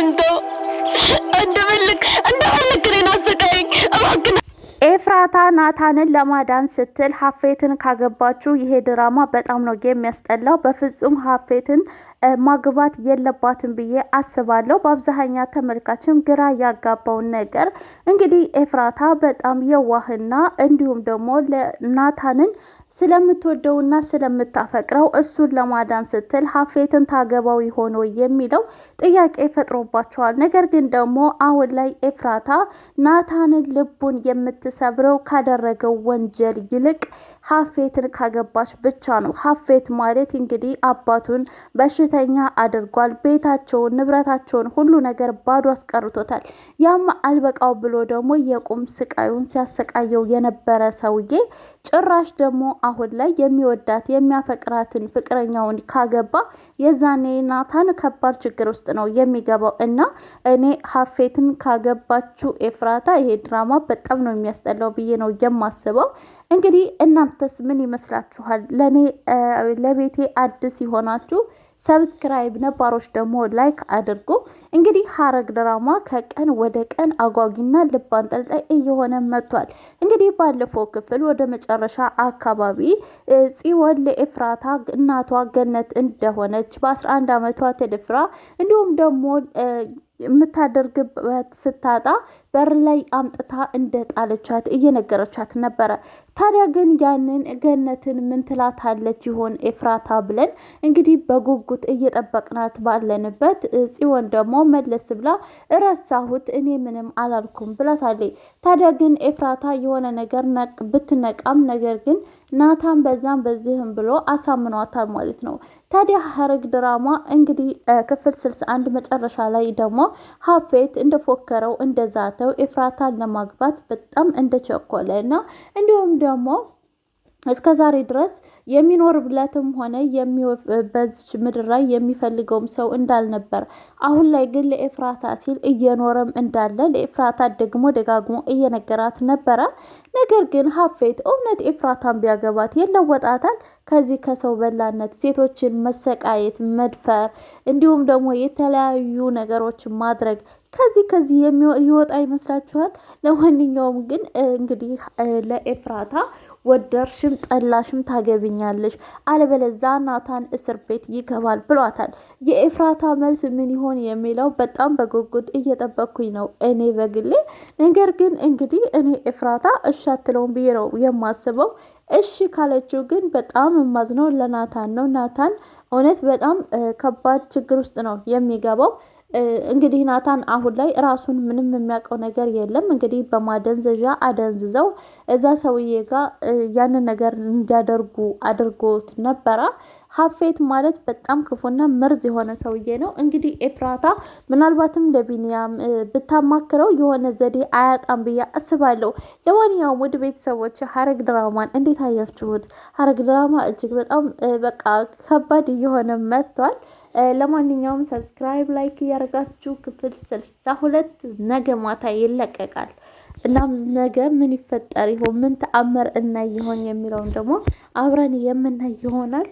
እንደፈልግ እንደፈልግ እኔን እባክህ። ኤፍራታ ናታንን ለማዳን ስትል ሀፌትን ካገባችሁ ይሄ ድራማ በጣም ነው የሚያስጠላው። በፍጹም ሀፌትን ማግባት የለባትም ብዬ አስባለሁ። በአብዛሀኛ ተመልካችም ግራ ያጋባውን ነገር እንግዲህ ኤፍራታ በጣም የዋህና እንዲሁም ደግሞ ናታንን ስለምትወደውና ስለምታፈቅረው እሱን ለማዳን ስትል ሀፌትን ታገባው ሆኖ የሚለው ጥያቄ ፈጥሮባቸዋል። ነገር ግን ደግሞ አሁን ላይ ኤፍራታ ናታንን ልቡን የምትሰብረው ካደረገው ወንጀል ይልቅ ሀፌትን ካገባች ብቻ ነው። ሀፌት ማለት እንግዲህ አባቱን በሽተኛ አድርጓል። ቤታቸውን፣ ንብረታቸውን፣ ሁሉ ነገር ባዶ አስቀርቶታል። ያም አልበቃው ብሎ ደግሞ የቁም ስቃዩን ሲያሰቃየው የነበረ ሰውዬ ጭራሽ ደግሞ አሁን ላይ የሚወዳት የሚያፈቅራትን ፍቅረኛውን ካገባ የዛኔ ናታን ከባድ ችግር ውስጥ ነው የሚገባው። እና እኔ ሀፌትን ካገባችሁ ኤፍራታ ይሄ ድራማ በጣም ነው የሚያስጠላው ብዬ ነው የማስበው። እንግዲህ እናንተስ ምን ይመስላችኋል? ለእኔ ለቤቴ አዲስ የሆናችሁ ሰብስክራይብ፣ ነባሮች ደግሞ ላይክ አድርጉ። እንግዲህ ሐረግ ድራማ ከቀን ወደ ቀን አጓጊና ልብ አንጠልጣይ እየሆነ መጥቷል። እንግዲህ ባለፈው ክፍል ወደ መጨረሻ አካባቢ ጽወን ለኤፍራታ እናቷ ገነት እንደሆነች በ11 ዓመቷ ተደፍራ እንዲሁም ደግሞ የምታደርግበት ስታጣ በር ላይ አምጥታ እንደ ጣለቻት እየነገረቻት ነበረ። ታዲያ ግን ያንን ገነትን ምን ትላታለች ይሆን ኤፍራታ ብለን እንግዲህ በጉጉት እየጠበቅናት ባለንበት ጽዮን ደግሞ መለስ ብላ እረሳሁት፣ እኔ ምንም አላልኩም ብላታለች። ታዲያ ግን ኤፍራታ የሆነ ነገር ብትነቃም ነገር ግን ናታን በዛም በዚህም ብሎ አሳምኗታል ማለት ነው። ታዲያ ሐረግ ድራማ እንግዲህ ክፍል ስልሳ አንድ መጨረሻ ላይ ደግሞ ሀፌት እንደፎከረው እንደዛተው ኤፍራታን ለማግባት በጣም እንደቸኮለ እና እንዲሁም ደግሞ እስከ ዛሬ ድረስ የሚኖርለትም ሆነ በዚች ምድር ላይ የሚፈልገውም ሰው እንዳልነበር፣ አሁን ላይ ግን ለኤፍራታ ሲል እየኖረም እንዳለ ለኤፍራታ ደግሞ ደጋግሞ እየነገራት ነበረ። ነገር ግን ሀፌት እውነት ኤፍራታን ቢያገባት የለወጣታል? ከዚህ ከሰው በላነት ሴቶችን መሰቃየት፣ መድፈር እንዲሁም ደግሞ የተለያዩ ነገሮችን ማድረግ ከዚህ ከዚህ ይወጣ ይመስላችኋል? ለማንኛውም ግን እንግዲህ ለኤፍራታ ወደርሽም ጠላሽም ታገብኛለሽ፣ አለበለዛ ናታን እስር ቤት ይገባል ብሏታል። የኤፍራታ መልስ ምን ይሆን የሚለው በጣም በጉጉት እየጠበቅኩኝ ነው እኔ በግሌ። ነገር ግን እንግዲህ እኔ ኤፍራታ እሺ አትለውም ብዬ ነው የማስበው። እሺ ካለችው ግን በጣም የማዝነው ለናታን ነው። ናታን እውነት በጣም ከባድ ችግር ውስጥ ነው የሚገባው። እንግዲህ ናታን አሁን ላይ ራሱን ምንም የሚያውቀው ነገር የለም። እንግዲህ በማደንዘዣ አደንዝዘው እዛ ሰውዬ ጋር ያንን ነገር እንዲያደርጉ አድርጎት ነበረ። ሀፌት ማለት በጣም ክፉና መርዝ የሆነ ሰውዬ ነው። እንግዲህ ኤፍራታ ምናልባትም ለቢንያም ብታማክረው የሆነ ዘዴ አያጣም ብዬ አስባለሁ። ለማንኛውም ውድ ቤተሰቦች ሀረግ ድራማን እንዴት አያችሁት? ሀረግ ድራማ እጅግ በጣም በቃ ከባድ እየሆነ መጥቷል። ለማንኛውም ሰብስክራይብ፣ ላይክ እያደረጋችሁ ክፍል ስልሳ ሁለት ነገ ማታ ይለቀቃል። እናም ነገ ምን ይፈጠር ይሆን ምን ተአምር እናይ ይሆን የሚለውን ደግሞ አብረን የምናይ ይሆናል።